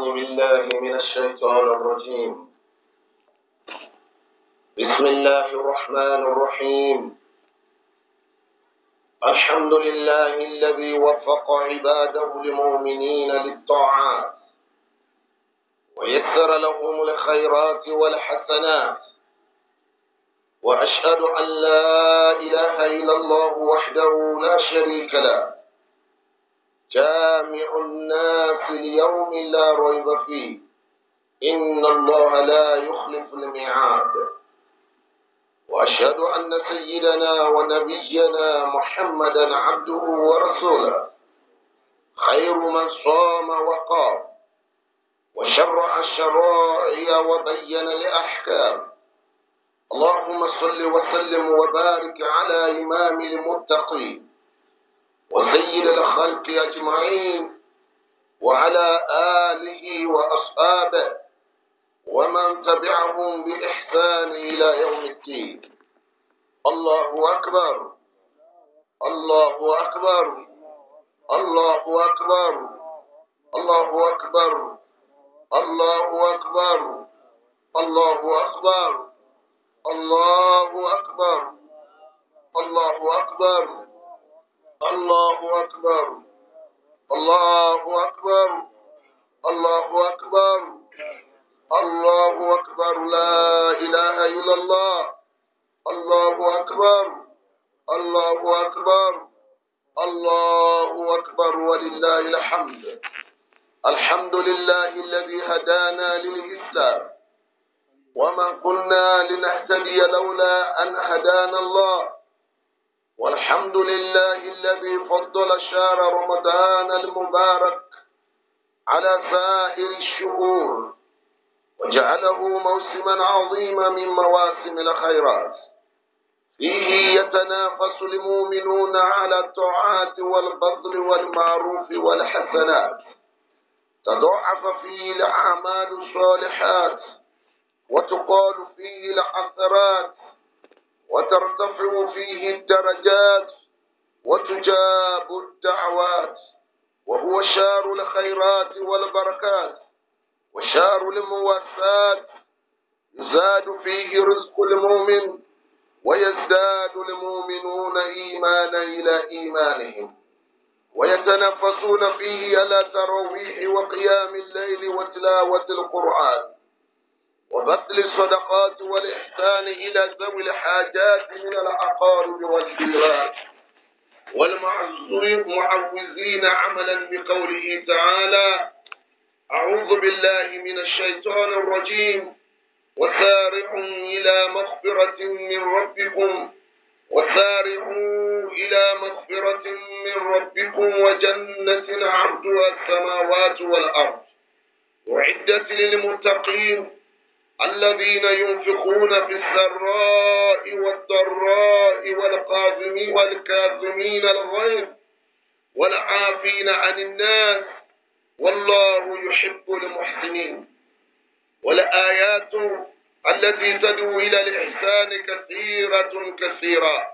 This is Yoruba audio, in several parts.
أعوذ بالله من الشيطان الرجيم بسم الله الرحمن الرحيم الحمد لله الذي وفق عباده المؤمنين للطاعات ويسر لهم الخيرات والحسنات وأشهد أن لا إله إلا الله وحده لا شريك له جامع الناس اليوم لا ريب فيه إن الله لا يخلف الميعاد وأشهد أن سيدنا ونبينا محمدا عبده ورسوله خير من صام وقام وشرع الشرائع وبين الأحكام اللهم صل وسلم وبارك على إمام المتقين وسيد الخلق أجمعين وعلى آله وأصحابه ومن تبعهم بإحسان إلى يوم الدين الله أكبر الله أكبر الله أكبر الله أكبر الله أكبر الله أكبر الله أكبر الله أكبر الله أكبر الله أكبر الله أكبر الله أكبر لا إله إلا الله الله أكبر الله أكبر الله أكبر ولله الحمد الحمد لله الذي هدانا للإسلام وما قلنا لنهتدي لولا أن هدانا الله والحمد لله الذي فضل شهر رمضان المبارك على سائر الشهور وجعله موسما عظيما من مواسم الخيرات فيه يتنافس المؤمنون على الطاعات والبذل والمعروف والحسنات تضاعف فيه الأعمال الصالحات وتقال فيه العثرات وترتفع فيه الدرجات وتجاب الدعوات وهو شار الخيرات والبركات وشار المواسات يزاد فيه رزق المؤمن ويزداد المؤمنون إيمانا إلى إيمانهم ويتنفسون فيه على تراويح وقيام الليل وتلاوة القرآن وبطل الصدقات والإحسان إلى ذوي الحاجات من الأقارب والجيران والمعوزين عملا بقوله تعالى أعوذ بالله من الشيطان الرجيم وسارعوا إلى مغفرة من ربكم وسارعوا إلى مغفرة من ربكم وجنة عرضها السماوات والأرض أعدت للمتقين الذين ينفقون في السراء والضراء والقاذمين والكاظمين الغيظ والعافين عن الناس والله يحب المحسنين والآيات التي تدعو إلى الإحسان كثيرة كثيرة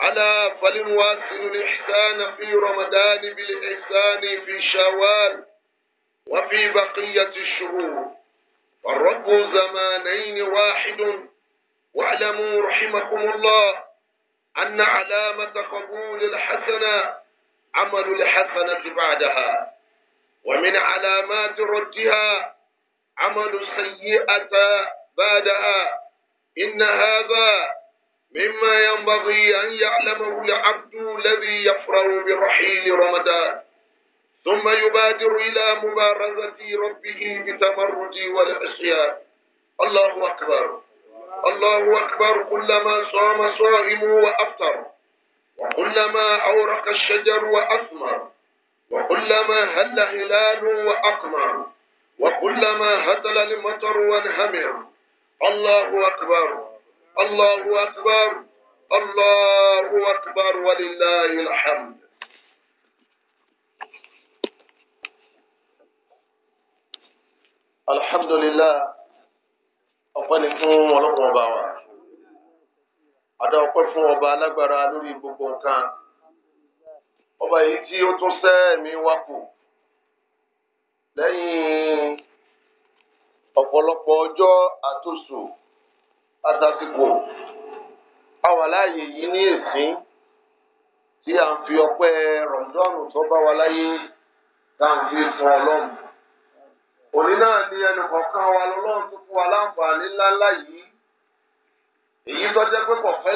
على فلنواصل الإحسان في رمضان بالإحسان في شوال وفي بقية الشهور والرب زمانين واحد واعلموا رحمكم الله أن علامة قبول الحسنة عمل الحسنة بعدها ومن علامات ردها عمل السيئة بعدها إن هذا مما ينبغي أن يعلمه العبد الذي يفرغ برحيل رمضان ثم يبادر إلى مبارزة ربه بتمرد والعصيان الله أكبر الله أكبر كلما صام صائم وأفطر وكلما أورق الشجر وأثمر وكلما هل هلال وأقمر وكلما هتل المطر وانهمر الله أكبر الله أكبر الله أكبر ولله الحمد alhamdulillah ọpẹ́ ni fún ọlọ́pàá ọba wa adá ọpẹ́ fún ọba alágbára lórí gbogbo nǹkan ọba yìí tí ó tún sẹ ẹ̀mí wá kù lẹ́yìn ọ̀pọ̀lọpọ̀ ọjọ́ àtòsù àtàsìkò àwọn aláàyè yìí ní èsín tí à ń fi ọpẹ́ rọmdọọnù tó bá wa láyé tá à fi fún Ọlọ́run. òní náà ni ẹnìkọ̀ọ̀kan wa lọ́lọ́run tó fún wa láǹfààní ńláńlá yìí èyí tó jẹ́ pé kò fẹ́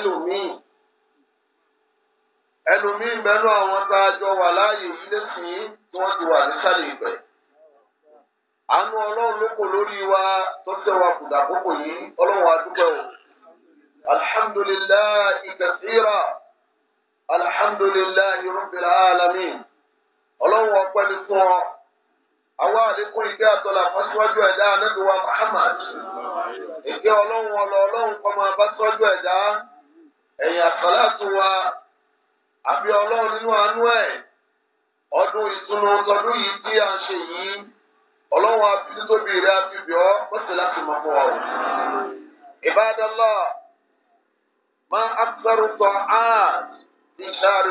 lòmíì mẹ́nu àwọn tá a jọ wà láàyè yìí lẹ́sìn tí wọ́n ti wà nísàlẹ̀ ìgbẹ́ àánú ọlọ́run ló kò lórí wa tó tẹ́ wa kùdà àkókò yìí ọlọ́run àwa adekun ìgbé àtọ́lá fọ́síwájú ẹ̀dá anábìwá Muhammad ìgbé ọlọ́run ọlọ ọlọ́run kọ́ máa bá ịda ẹ̀dá wa àbí ọlọ́run nínú àánú ẹ ọdún ìtúnu tọdún yìí tí à ń ṣe yìí ọlọ́run àfitóbi rẹ̀ láti fún ọ. sáré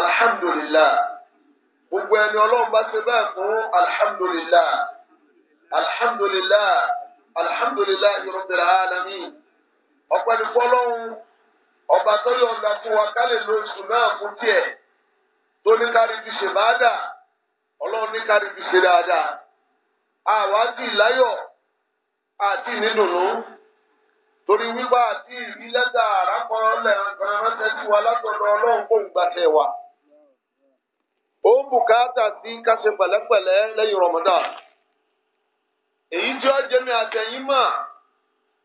alhamdulillah gbogbo ẹni ọlọ́run bá ṣe bẹ́ẹ̀ fún alhamdulillah alhamdulillah alhamdulillah rabbil alamin ọpẹ́ ní fọlọ́run ọba tó yọ̀ǹda fún wa ká lè lo oṣù náà fún tiẹ̀ tó ní kárí fi ṣe máa dà ọlọ́run ní kárí fi ṣe dáadáa àwa ti láyọ̀ àti nídùnnú torí wípé àti ìrí lẹ́tà àràkọ́ lẹ́ẹ̀kan ránṣẹ́ sí wa látọ̀dọ̀ ọlọ́run kò ń wa. ó ń bùkátà sí káṣe pẹ̀lẹ́pẹ̀lẹ́ lẹ́yìn Ramadan èyí tí ó jẹ́mi àtẹ̀yìn mà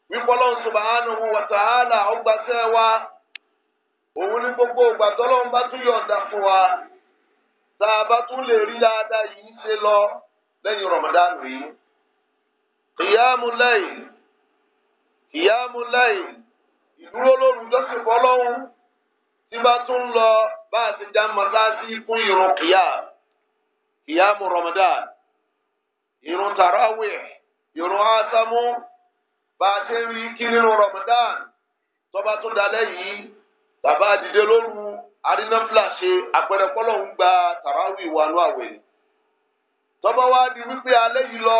wípé Ọlọ́run subhanahu wa ta'ala ọgbàṣẹ́ wa òun ní gbogbo ìgbà tọ́lọ́run bá tún yọ̀ǹda fún wa tá bá tún lè rí dáadáa yìí ṣe lọ lẹ́yìn Ramadan yìí. Ìyáàmú lẹ́yìn ìyáàmú lẹ́yìn ìdúró tí bá tún lọ bá a ti dá mọ́sáàsì fún irun kìyà kìyà mu Ramadan irun tarawih irun asamu bá a ṣe rí kí nínú Ramadan tọ́ba tó dalẹ̀ yìí bàbá àdìdé lóru arínáfìlà ṣe àpẹẹrẹ pọ́lọ̀ ń gba tarawih wà ní àwẹ̀ tọ́ba wa di wípé alẹ́ yìí lọ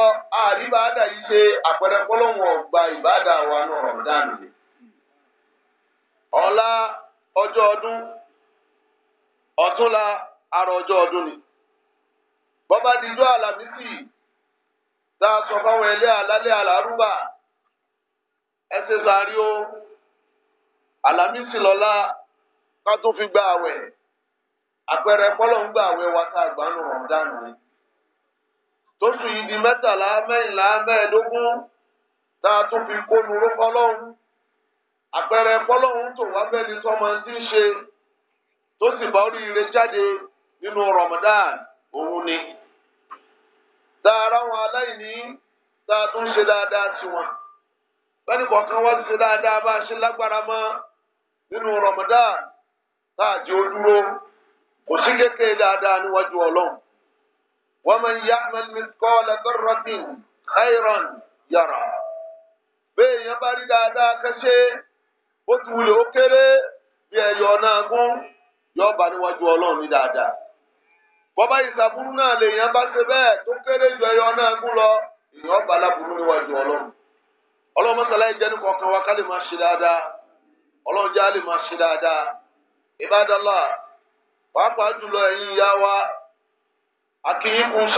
àríbáàdà yìí ṣe àpẹẹrẹ pọ́lọ̀ wọn gba ìbáàdà wà ní Ramadan ọ̀la ọjọ́ ọdún ọ̀túnla ara ọjọ́ ọdún ni bọ́bá dijọ́ àlàmísì tá a sọ fáwọn ẹlẹ́ àlálẹ́ àlárúbà ẹ ṣe sàárì o àlàmísì lọ́la ká tó fi gba awẹ àpẹẹrẹ pọ́lọ́ ń gba àwẹ̀ wa tá a gbà nù rọ̀ǹdánù di mẹtala mẹ́yìnlá mẹ́ẹ̀ẹ́dógún daa a tún fi kó nu rúkọ́ lọ́hùn àpẹẹrẹ pọ́lọ́hùn tó wá fẹ́ ni ti ń ṣe. tó sì bá oríire jáde nínú Ramadan òun ni tá a ráwọn aláìní tá a tún ṣe dáadáa sí wọn bẹ́ẹ̀ni kọ̀ọ̀kan wá ti ṣe dáadáa bá a ṣe lágbára mọ́ nínú Ramadan tá a jẹ́ ojúró kò sí kékeré dáadáa níwájú Ọlọ́run wa man ya'mal mithqala dharratin khayran yara bẹ́ẹ̀ yẹn bá rí dáadáa kẹ́sẹ́ bó ti wulẹ̀ ó kéré bí ẹ̀yọ̀ náà gún. yóò n'iwaju níwájú ọlọ́run ní dáadáa. bọ́bá ìsàbúrú náà lèèyàn bá ṣe bẹ́ẹ̀ tó kéré ju ẹyọ náà gún lọ èèyàn bá láburú níwájú ọlọ́run. ọlọ́run mọ́sálá yìí jẹ́nu kọ̀ọ̀kan wa ká lè máa ṣe dáadáa ọlọ́run já lè máa ṣe dáadáa. ìbádọ́lá pàápàá jùlọ ẹ̀yin ìyá wa kákì fún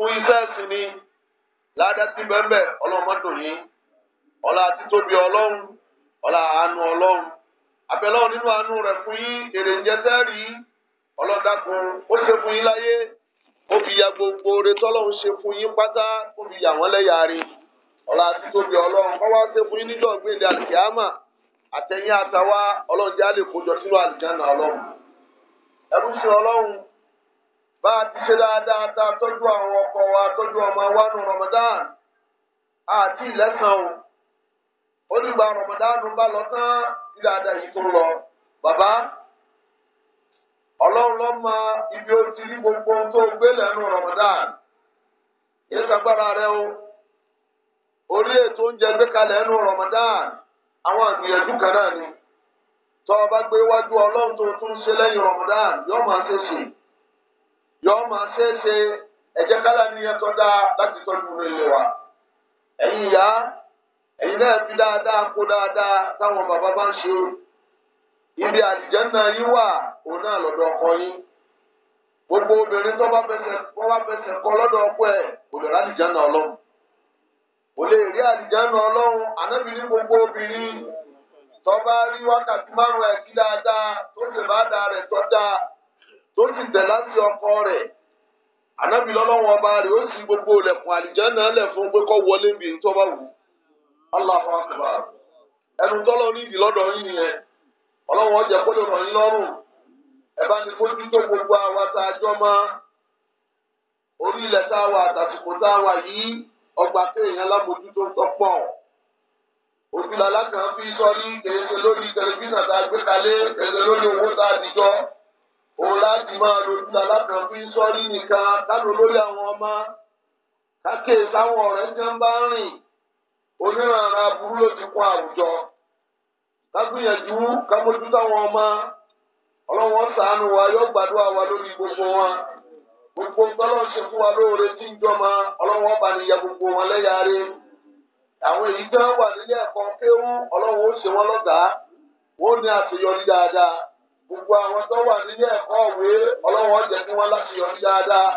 fún iṣẹ́ sí ni ládàtí bẹ́ẹ̀ ọlọ́mọdún yìí ọlá títóbi ọlọ́run ọlá àánú ọlọ́run abẹ́lọ́run nínú àánú rẹ̀ fún yín èrè ń rí ọlọ́dàkùn ó ṣe fún yín láyé ya gbogbo oore tọ́lọ́run ṣe fún yín pátá ó fi yà wọ́n lẹ́yà rí ọlá títóbi ọlọ́run kọ́ wá ṣe bá a ti ṣe dáadáa tá a tọ́jú àwọn ọkọ wa tọ́jú ọmọ wa nù Ramadan àti ìlẹ́sàn o ó ní gba Ramadan bá lọ tán tí lọ bàbá ọlọ́run ló ibi ó ti rí gbogbo ohun tó gbé lẹ́nu Ramadan yéé sagbára rẹ o orí ètò oúnjẹ gbé kalẹ̀ ẹnu Ramadan àwọn àgbìyànjú kan náà ni tọ́ ọ bá gbé yọ ọmọ ṣeéṣe ẹjẹ kálá ní ẹtọ dáa láti tọ́jú rere wa ẹ̀yin ìyá ẹ̀yin náà fi dáadáa kó dáadáa táwọn bàbá bá ń ṣe ibi àdìjẹ náà yín wà òun náà lọ́dọ̀ ọkọ yín gbogbo obìnrin tó bá fẹsẹ̀ bá fẹsẹ̀ lọ́dọ̀ ọkọ kò lè náà kò gbogbo obìnrin tó bá rí wákàtí márùn tó sì tẹ̀ ọkọ rẹ̀ ànábì lọ́lọ́wọ́n ọba rẹ̀ o sì gbogbo ilẹ̀kùn àlìjáná lẹ̀ fún pé kọ́ wọlé bí tó bá wù ẹnu tọ́lọ nídìí lọ́dọ̀ yín yẹn ọjà ràn yín lọ́rùn ẹ bá ní fojú tó gbogbo àwa tá a jọ mọ́ orí ilẹ̀ tá a wà àtàtìkò tá a wà yìí ọgbà kéèyàn lámòjútó tọ́pọ̀ òfin làlákàn sọ ní kèrèsè lórí tẹlifíṣàn tá a gbé kalẹ̀ kèrèsè lórí owó tá a dìjọ́. òun láti máa lo títa látàn fi sọ́rí nìkan lálọ́ lórí àwọn ka káké táwọn ọ̀rẹ́ ń jẹun onye na ara burú ló ti kún àwùjọ kágbìyànjú kámójú táwọn ọmọ ọlọ́wọ́n ṣàánú wa yọ gbado wa lórí igbo gbogbo ya gbogbo wọn àwọn èyí tí wà nílé ẹ̀kọ́ kéwú ó ṣe wọ́n lọ́gàá gbogbo àwọn tó wà nílé ẹ̀kọ́ òwe ọlọ́wọ́ jẹ́ kí wọ́n láti yọrí dáadáa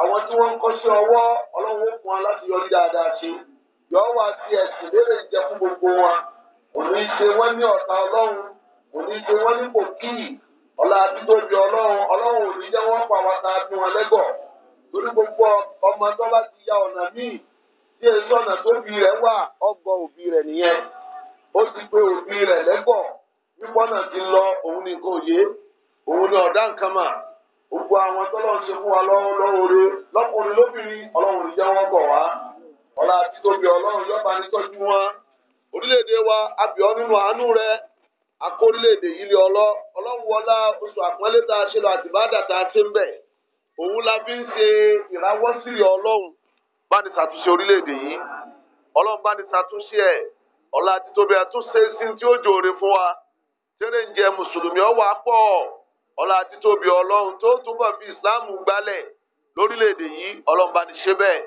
àwọn tí wọ́n ń kọ́ṣẹ́ ọwọ́ ọlọ́wọ́ fún wọn láti yọrí dáadáa ṣe yọ wá sí ẹ̀sìn léèrè jẹ fún gbogbo wọn òní ṣe wọ́n ní ọ̀tá ọlọ́run òní ṣe wọ́n ní ọ̀la ọlọ́run ọlọ́run òní jẹ́ wọ́n gbogbo ọmọ tó bá ya ọ̀nà míì tí èso ọ̀nà tóbi rẹ̀ wà ọgọ òbí rẹ̀ nìyẹn ó ti pé òbí rẹ̀ lẹ́gọ̀ọ́ pípọ́ náà ti lọ òun ní nǹkan òye òun ní ọ̀dá nǹkan mà gbogbo àwọn tọ́lọ́ ń ṣe fún wa lọ́wọ́re lọ́kùnrin lóbìnrin ọlọ́run ìjà wọn bọ̀ wá ọ̀la àti tóbi ọlọ́run yọba ní tọ́jú wọn orílẹ̀-èdè wa abìọ́ nínú àánú rẹ akórílẹ̀-èdè yìí lé ọlọ́ ọlọ́run wọlá oṣù àpọ́nlé tá a ṣe lọ àtìbádà tá a ṣe ń bẹ̀ òun la fi ń ṣe ìrawọ́sí ọlọ́run bá ní ṣàtúnṣe orílẹ̀-èdè yìí ọlọ́run bá ní ṣàtúnṣe ẹ̀ ọ̀la àti tóbi àtúnṣe sí ti ó jòrè fún wa. tẹ́lẹ̀ ń jẹ mùsùlùmí ọwọ́ apọ̀ ọlá títóbi ọlọ́run tó túbọ̀ fi islam gbálẹ̀ lórílẹ̀‐èdè yìí ọlọ́run bá ní ṣe bẹ́ẹ̀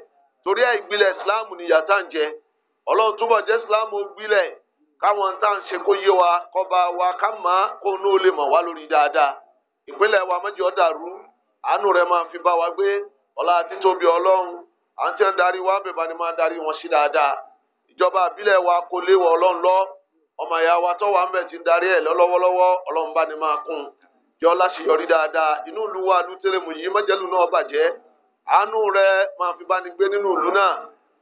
torí ẹ̀ ìgbìlẹ̀ ni yàtá ń jẹ ọlọ́run túbọ̀ jẹ́ islam gbìlẹ̀ káwọn tá à ń ṣe kó yé wa kọba wa ká má kó ní mọ̀ wá lórí wa dàrú àánú máa fi bá wa gbé ọlọ́run wa máa darí wọn dáadáa ìjọba àbílẹ̀ wa kò léwọ̀ ọlọ́run lọ́ọ́ ọmọ ìyá wa tọ́wà ń bẹ̀ ti ń darí ẹ̀ lọ́wọ́lọ́wọ́ ọlọ́run bá ní máa kún un jọ láṣeyọrí dáadáa inú ìlú wa ìlú tẹ́lẹ̀mù yìí mọ́jẹ́lù náà bàjẹ́ àánú rẹ máa fi bá ní gbé nínú ìlú náà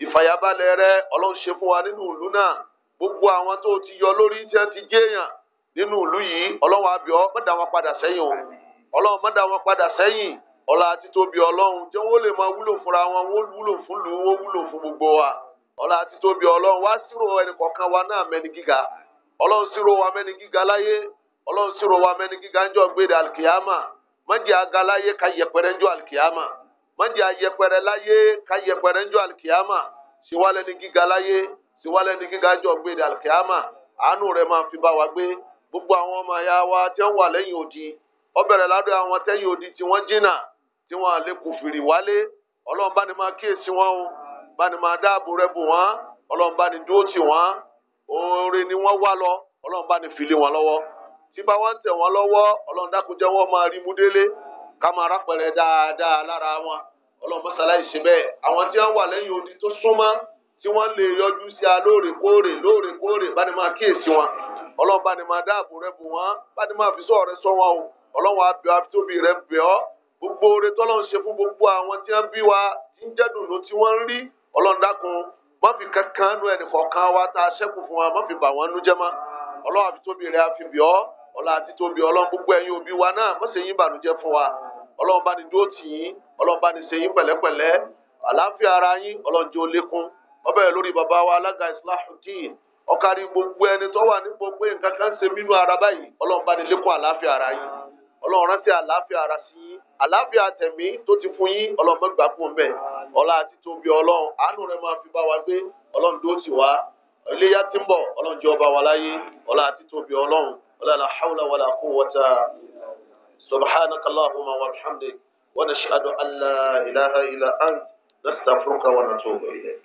ìfàyàbalẹ̀ rẹ ọlọ́run ṣe fún wa nínú ìlú náà gbogbo àwọn tó ti yọ lórí tí wọ́n ti jẹ́yàn nínú ìlú yìí ọlọ́run àbíọ́ wọn padà sẹ́yìn ọlá àti tóbi ọlọ́run jẹ́ wọ́n lè máa wúlò fúnra wọn wọ́n wúlò fún lù wọ́n wúlò fún gbogbo wa ọlá àti tóbi ọlọ́run wá sírò ẹnì kọ̀ọ̀kan wa náà mẹ́ni gíga ọlọ́run sì rò wá mẹ́ni gíga láyé ọlọ́run sì rò wá mẹ́ni gíga ń jọ gbére alkiyama mọ́jì aga láyé ka yẹpẹrẹ ń jọ alkiyama mọ́jì ayẹpẹrẹ láyé ka yẹpẹrẹ ń jọ alkiyama siwalẹ̀ ni gíga láyé siwalẹ̀ ni gíga ń jọ gbére alkiyama àánú rẹ̀ máa fi bá wa gbé gbogbo àwọn ọmọ ya wa tí wọ́n wà lẹ́yìn odi ó bẹ̀rẹ̀ ládọ́ àwọn tẹ́yìn odi tí wọ́n jìnnà tí wọ́n àlè kò fìrì wálé ọlọ́run bá ní máa kíyèsí wọn o bá ní máa dáàbò rẹ̀ bò wọ́n ọlọ́run bá ní dúró tì wọ́n oore ni wọ́n wá lọ ọlọ́run bá ní fìlẹ̀ wọn lọ́wọ́ tí bá wọ́n ń tẹ̀ wọ́n lọ́wọ́ ọlọ́run dákunjẹ́ wọ́n máa rí múdélé ká máa rápẹ̀rẹ̀ dáadáa lára wọn ọlọ́run mọ́sálásí ṣe bẹ́ẹ̀ àwọn tí wọ́n wà lẹ́yìn odi tó súnmọ́ tí wọ́n lè yọjú sí a lóòrèkóòrè lóòrèkóòrè bá ní máa kíyèsí wọn ọlọ́run bá ní máa dáàbò rẹ bù wọ́n bá ní máa fi sọ rẹ sọ wọn o ọlọ́run abẹ́ afitóbi rẹ bẹ̀ ọ́ gbogbo oore tọ́lọ́run ṣe fún gbogbo àwọn tí wọ́n bí wa tí ń jẹ́dùnú tí wọ́n ń rí ọlọ́run dákun má fi kankan nu ẹnì kọ̀ọ̀kan wa ta a fún wa má fi bà wọ́n nú jẹ́ mọ́ ọlọ́run tóbi rẹ̀ àfi bì àti tóbi ọlọ́run gbogbo wa náà fún wa ọlọ́run bá ní dúró tì yín bá ní pẹ̀lẹ́pẹ̀lẹ́ àlàáfíà ara yín jẹ́ ọbẹ̀ lórí wa alága gbogbo ẹni tó wà nǹkan kan ṣe àlàáfíà tẹ̀mí tó ti fún yín ọlọ́mọ gbà fún bẹ́ẹ̀ ọlá àti tóbi ọlọ́run àánú rẹ máa fi bá wa gbé ọlọ́run tó sì wá iléyà tí ń bọ̀ ọlọ́run jẹ́ ọba wa láyé ọlá àti tóbi ọlọ́run ọlá la hawla wala quwwata subhanaka allahumma wa bihamdik wa nashhadu an la ilaha illa ant nastaghfiruka wa natubu ilayk.